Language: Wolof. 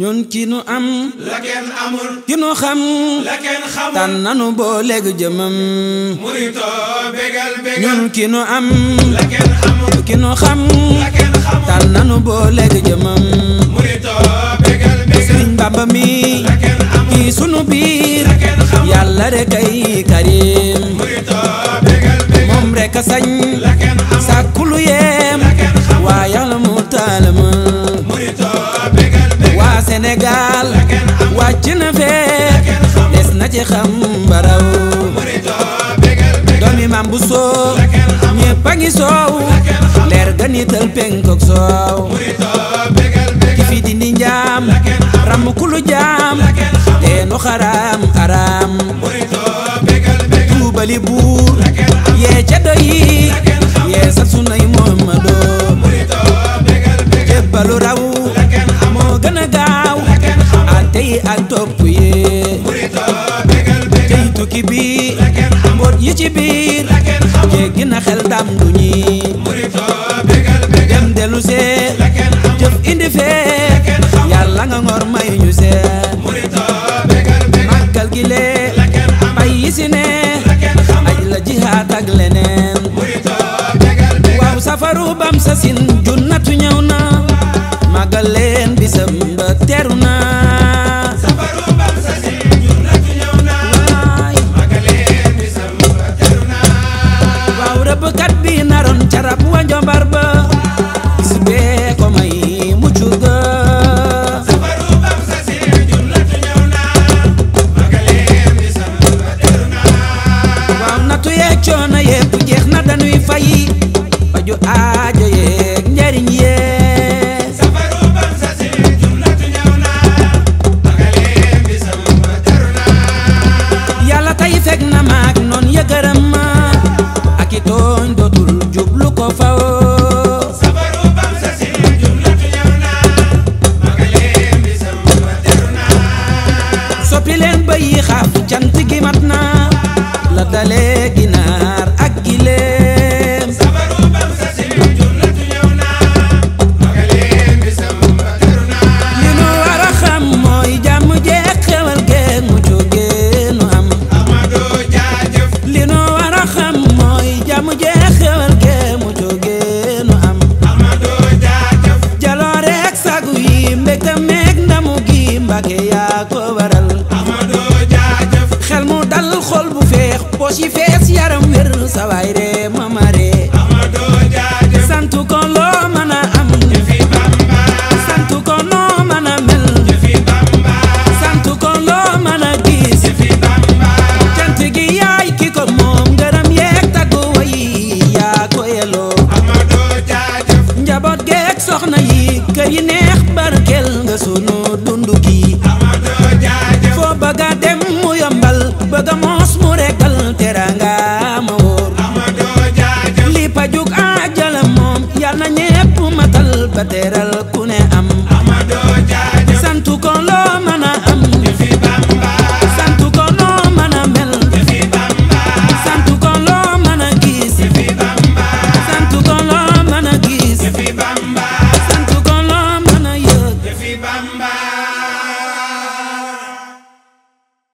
ñun ki nu am. la kenn amul. ki nu xam. la kenn xamul. tànn nanu boo léegi jëmam. murito bégal bégal. ñun ki nu am. la kenn amul. ki nu xam. la kenn xamul. tànn nanu boo léegi jëmam. murito bégal bégal. Sëriñ Bàmba mi. la kenn amul. ki sunu biir. la kenn xamul. yàlla rek ay karim. murito bégal bégal. moom rek a sañ. ci xam baraw domi mambuso, bu soow ñepp leer ga nital penk ak soow ki fi dindi njaam ram ku lu jaam teenu xaraam araam tuubali buur yee ca doyi yee sa sunay mohamadoo jébbalu raw gaaw ak yee tukki bi la kenn yi ci biir la kenn xel dam du ñi dem delu see jëf indi fee la nga ngor may ñu see murito gi yi si ne la ak waaw safaru bam sa sin junnatu na bisam ba faju aajo yeeg fekk na maag noon yëgërëm ma ak i jublu ko faw safaru ban jumlatu ñëw na bi sama teru na soppi leen ba yi xaaf cant gi la dalee poche fees yaram wér sa waay ree mama ree Amadou Jaajëf sant ko loo mën a am ñu fi Bamba sant ko loo mën a gis ñu fi Bamba cant gi yaay ki ko moom ngërëm yeeg taggu wayi yaa ko yelloo Amadou Jaajëf njaboot geeg soxna yi kër yi neex barkel nga sunu ba teral ku am